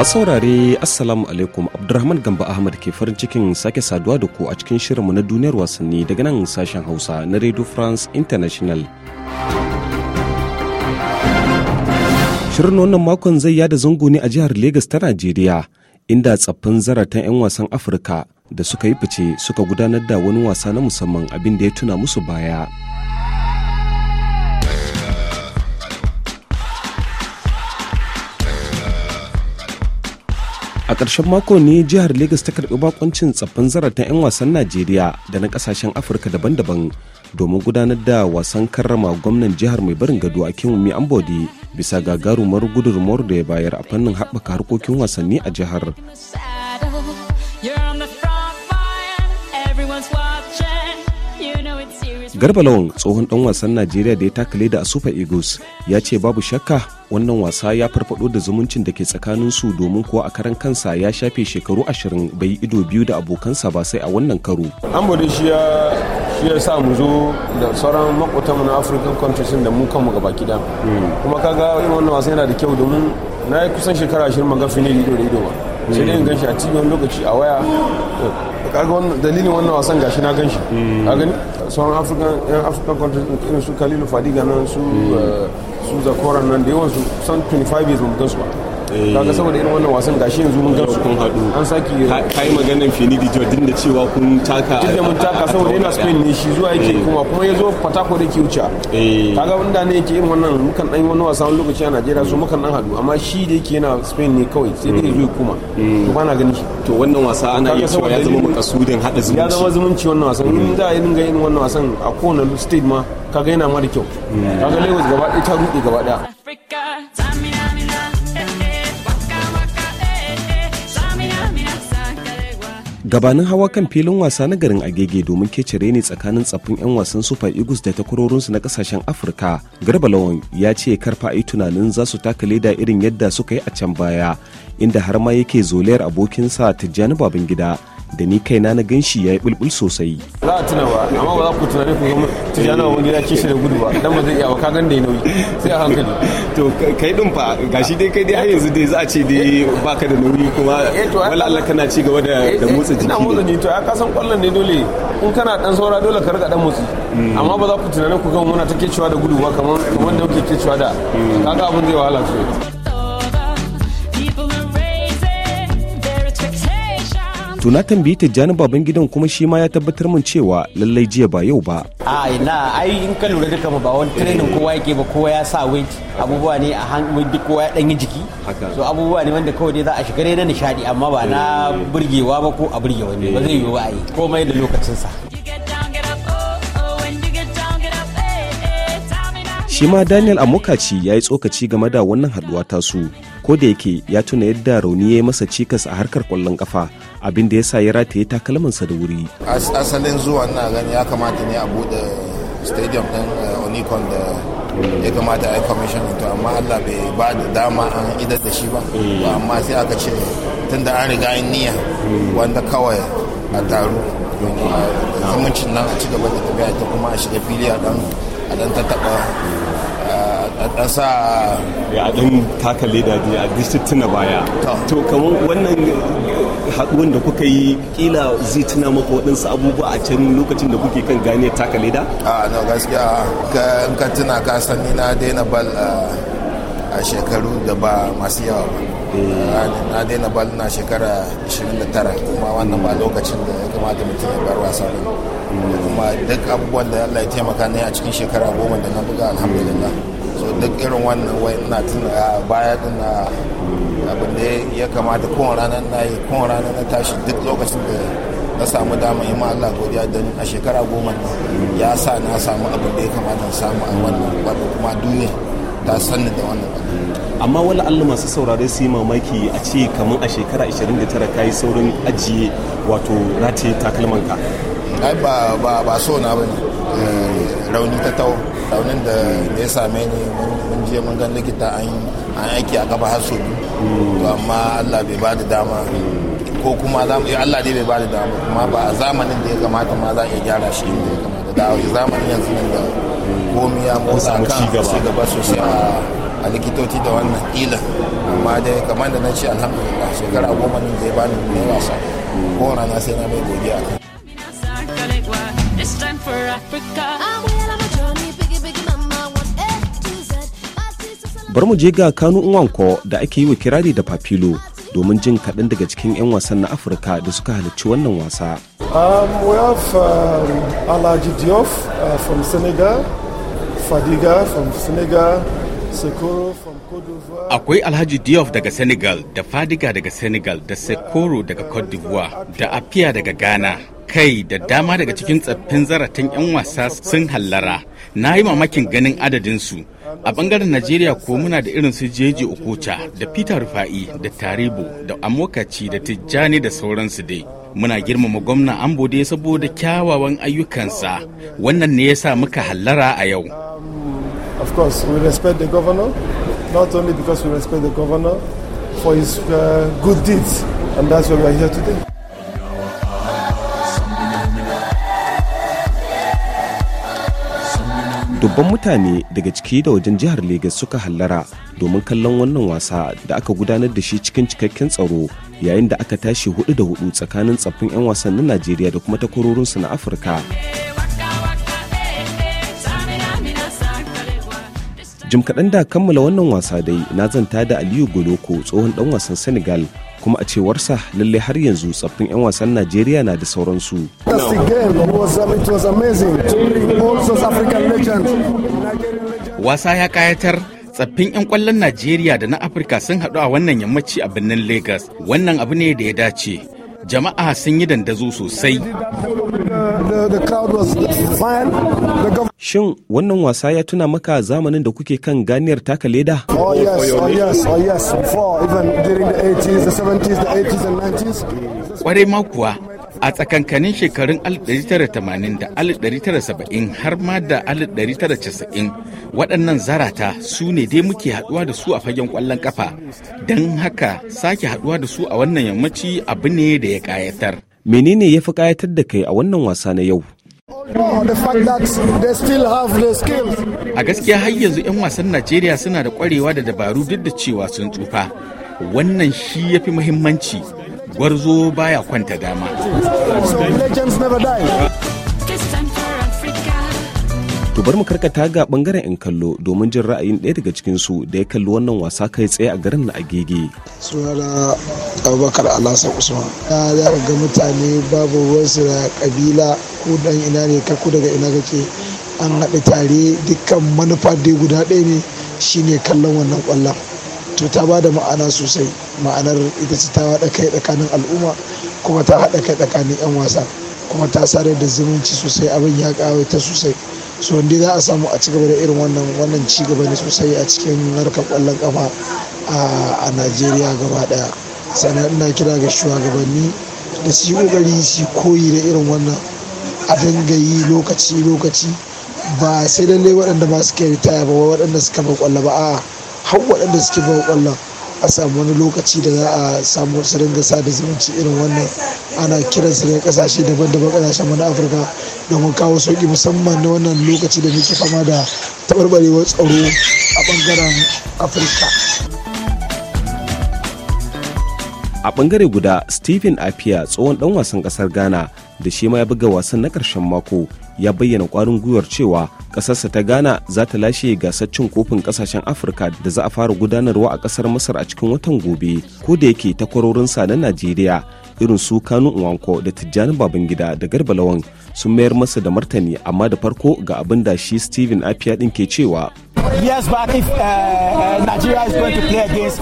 masu saurare assalamu alaikum abdulrahman gamba ahmad ke farin cikin sake saduwa da ku a cikin shirinmu na duniyar wasanni daga nan sashen hausa na radio france international shirin wannan makon zai yada zango ne a jihar Legas ta Najeriya inda tsaffin zaratan 'yan wasan Afirka da suka yi fice suka gudanar da wani wasa na musamman abin da ya tuna musu baya. karshen mako ne jihar Legas ta karɓi bakoncin tsaffin zaratan 'yan wasan Najeriya da na ƙasashen Afirka daban-daban domin gudanar da wasan karrama gwamnan jihar mai barin gado a Kinwumi Ambodi bisa gagarumar gudunmuwar da ya bayar a fannin haɓaka harkokin wasanni a jihar. Garba Lawan tsohon dan wasan Najeriya da ya takale da a Super Eagles ya ce babu shakka wannan wasa ya farfado da zumuncin da ke tsakanin su domin kuwa a karan kansa ya shafe shekaru ashirin bai ido biyu da abokansa ba sai a wannan karo. Amadu shi ya shi ya sa mu zo da sauran makwatamu na African countries da mu kanmu gaba kida hmm. Kuma kaga irin wannan wasa yana da kyau domin na yi kusan shekara ashirin ban ga finili ido da ido ba. Hmm. Sai dai in gan shi a cikin lokaci a waya. kaga wannan dalilin wannan wasan gashi na ganshi hmm. a gani sauran african yan african countries irin su kalilu fadiga nan su eh, su zakoran nan da yawan su san 25 years ba mu gansu ba Eh. ga saboda irin wannan wasan gashi yanzu mun gamsu kun haɗu an saki kai maganar Finidi din da cewa kun taka duk da mun taka saboda yana Spain ne shi zuwa yake eh. kuma kuma yazo Fatako da ka kaga wanda ne yake irin wannan mukan dan wani wasa wani lokaci a Najeriya so mukan dan haɗu amma shi da yake yana Spain ne kawai sai dai zo kuma mm. to bana gani to wannan wasa ana iya cewa ya zama makasudin hada zumunci ya zama zumunci wannan wasan mm. in da ya dinga irin wannan wasan a kowane state ma kaga yana mara kyau mm. kaga Lagos gaba ɗaya ta ruɗe gaba ɗaya gabanin hawa kan filin wasa na garin agege domin kecere ne tsakanin tsaffin 'yan wasan super eagles da takwarorinsu na kasashen afirka garba ya ce karfa yi tunanin za su taka leda irin yadda suka yi a can baya inda har ma yake zolayar abokinsa tijjani babangida da ni kaina na ganshi ya yi bulbul sosai. Za a tuna ba, amma ba za ku tunani ku gama tijjani wa gida kishi da gudu ba, dan ba zai iya ba gan da ya nauyi sai a hankali. To kai din fa gashi dai kai dai har yanzu dai za a ce dai ba ka da nauyi kuma eh, wala Allah kana ci gaba da motsa ina motsa jiki to ya kasan kwallon ne dole in kana dan saura dole ka rika dan motsi mm. amma ba za ku tunanin ku kan muna ta cewa da gudu ba kamar wanda da kuke kecewa da mm. kaga abin zai wahala sosai to na tambayi tijjani baban gidan kuma shi ma ya tabbatar min cewa lallai jiya ba yau ba a ina ai in ka lura duka ba wani training kowa yake ba kowa ya sa weight abubuwa ne a hannu duk kowa ya danyi jiki so abubuwa ne wanda kawai dai za a shiga ne na nishadi amma ba na burgewa ba ko a burge wani ba zai yi ba a yi komai da lokacinsa shi ma daniel amokaci ya yi tsokaci game da wannan haduwa tasu ko yake ya tuna yadda rauni ya masa cikas a harkar kwallon kafa abin da ya sa ya rataye takalmansa da wuri asalin zuwa na gani ya kamata ne a bude stadium din eh, onicon da ya kamata a yi commission to amma allah bai ba da dama an idar da shi ba mm. amma sai aka ce tun an riga an niyya mm. wanda kawai a taru zumuncin nan a ci gaba da tafiya ta kuma a shiga fili a dan ta taba a ƙasa ya dan taka leda da a tuna baya to kamar wannan haɗuwan da kuka yi kila zai tuna maka waɗansu abubuwa a can lokacin da kuke kan gane taka leda a na gaskiya in ka tuna ka sani na daina bal a shekaru da ba masu yawa ba eh. na daina bal na shekara 29 kuma wannan ba lokacin da ya kamata mutum ya bar wasa ne mm. kuma duk abubuwan da Allah ya taimaka ne a cikin shekara goma da na buga alhamdulillah duk irin wannan wai ina tun a baya din na abin da ya kamata kowane ranar na yi kowane ranar na tashi duk lokacin da na samu dama yi ma Allah godiya don a shekara goma ya sa na samu abin da ya kamata samu a wannan wadda kuma duniya ta sanni da wannan amma wani allu masu saurare su yi mamaki a ce kamar a shekara 29 ka yi saurin ajiye wato rataye takalmanka ai ba so na bane eh, rauni ta tawo raunin da ya same ni mun je mun gan likita an aiki a gaba har biyu to amma Allah bai bada dama ko kuma Allah dai bai bada dama kuma ba a zamanin da ya kamata ma za a iya gyara shi inda ya kamata da zamanin yanzu nan da komi ya motsa kan ci gaba sosai a likitoci da wannan ila amma dai kamar da na ce alhamdulillah shekara goma ne zai bani ne wasa ko rana sai na mai godiya It's time for Africa. I will have a journey Bar mu je ga Kanu Nwanko da ake yi wa kirari da Papilo domin jin kaɗan daga cikin 'yan wasan na Afirka da suka halarci wannan wasa. Um, we have um, alhaji uh, from Senegal, Fadiga from Senegal, Akwai Alhaji Diop daga Senegal, da Fadiga daga Senegal, da Sekoro daga Cote d'Ivoire, da Apia daga Ghana. Kai da dama daga cikin tsaffin zaratan 'yan wasa sun hallara na yi mamakin ganin adadinsu a bangaren najeriya ko muna da irin su jeji okocha da peter rufa'i da taribo da amokaci da tijjani da sauransu dai muna girmama gwamna ambo dai saboda kyawawan ayyukansa wannan ne ya sa muka hallara a yau of course we respect the governor not only because we respect dubban mutane daga ciki da wajen jihar Legas suka hallara domin kallon wannan wasa da aka gudanar da shi cikin cikakken tsaro yayin da aka tashi hudu da hudu tsakanin tsaffin 'yan wasan na Najeriya da kuma takwarorinsu na Afirka. Jim kaɗan da kammala wannan wasa dai na zanta da Aliyu Goloko tsohon ɗan wasan Senegal kuma a cewarsa lalle har yanzu tsaffin 'yan wasan najeriya na da sauransu wasa ya kayatar tsaffin 'yan kwallon najeriya da na afirka sun haɗu a wannan yammaci a birnin lagos wannan abu ne da ya dace jama'a sun yi dandazo sosai shin wannan wasa ya tuna maka zamanin da kuke kan ganiyar taka leda kwarai ma kuwa a tsakankanin shekarun 1980 da 1970 har ma da 1990 waɗannan zarata su ne dai muke haɗuwa da su a fagen ƙwallon ƙafa don haka sake haɗuwa da su a wannan yammaci abu ne da ya ƙayatar. menene ya fi ƙayatar da kai a wannan wasa na yau a gaskiya har yanzu 'yan wasan najeriya suna da ƙwarewa da dabaru duk da cewa sun tsufa wannan shi ya fi muhimmanci gwarzo baya kwanta dama To bar mu karkata ga bangaren 'yan kallo domin jin ra'ayin ɗaya daga su da ya kalli wannan wasa kai tsaye a garin na agege. Sunana Abubakar alasa Usman. Na za ga mutane babu wasu da kabila ko dan ina ne ka daga ina kake an haɗu tare dukkan manufa dai guda ɗaya ne shine kallon wannan ƙwallon. to ta ba da ma'ana sosai ma'anar ita ce ta haɗa kai tsakanin al'umma kuma ta haɗa kai tsakanin 'yan wasa kuma ta sare da zumunci sosai abin ya ta sosai so wanda za a samu a cigaba da irin wannan wannan ci ne sosai a cikin harkar kwallon kafa a najeriya gaba daya sannan ina kira ga shugabanni da su yi kokari su koyi da irin wannan a dinga yi lokaci lokaci ba sai lallai waɗanda ba su kai ritaya ba waɗanda suka ba kwallo ba a'a har waɗanda suke bawa ƙwallon a samu wani lokaci da za a samu su ringa da zumunci irin wannan ana kiran su daga kasashe daban-daban kasashen wani afirka domin kawo sauki musamman na wannan lokaci da muke fama da taɓarɓarewar tsaro a ɓangaren afirka a ɓangare guda stephen apia tsohon ɗan wasan ƙasar ghana da shi ma ya buga wasan na ƙarshen mako ya bayyana kwarin gwiwar cewa kasarsa ta ghana za ta lashe gasar cin kofin kasashen afirka da za a fara gudanarwa a kasar masar a cikin watan gobe ko da yake takwarorinsa na najeriya irin su kanu nwanko da tijjani babangida da garbalawan sun mayar masa da martani amma da farko ga abin da shi steven apia ɗin ke cewa Uh, uh,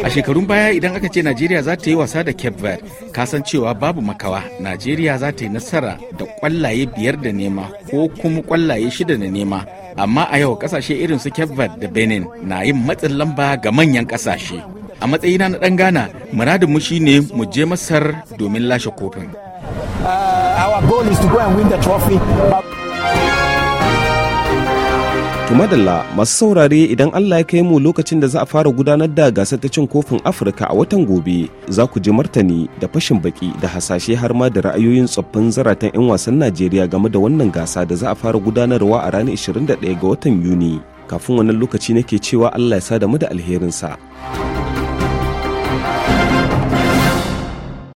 a shekarun baya idan aka ce Najeriya za ta yi wasa da Cape Verde, kasan cewa babu makawa, Najeriya za ta yi nasara da kwallaye biyar da nema ko kuma kwallaye shida da nema. Amma a yau kasashe irin su Cape Verde da Benin na yin matsin lamba ga manyan kasashe. A matsayina na ɗan Ghana, muradinmu ne mu je Masar domin lashe kofin. Uh, our goal is to go and win the trophy. But... To madalla masu saurare idan Allah ya kai mu lokacin da za a fara gudanar da gasar ta cin kofin Afirka a watan gobe za ku ji martani da fashin baki da hasashe har ma da ra'ayoyin tsoffin zaratan 'yan wasan Najeriya game da wannan gasa da za a fara gudanarwa a ranar 21 ga watan Yuni. Kafin wannan lokaci nake cewa Allah ya sa da mu da alherinsa.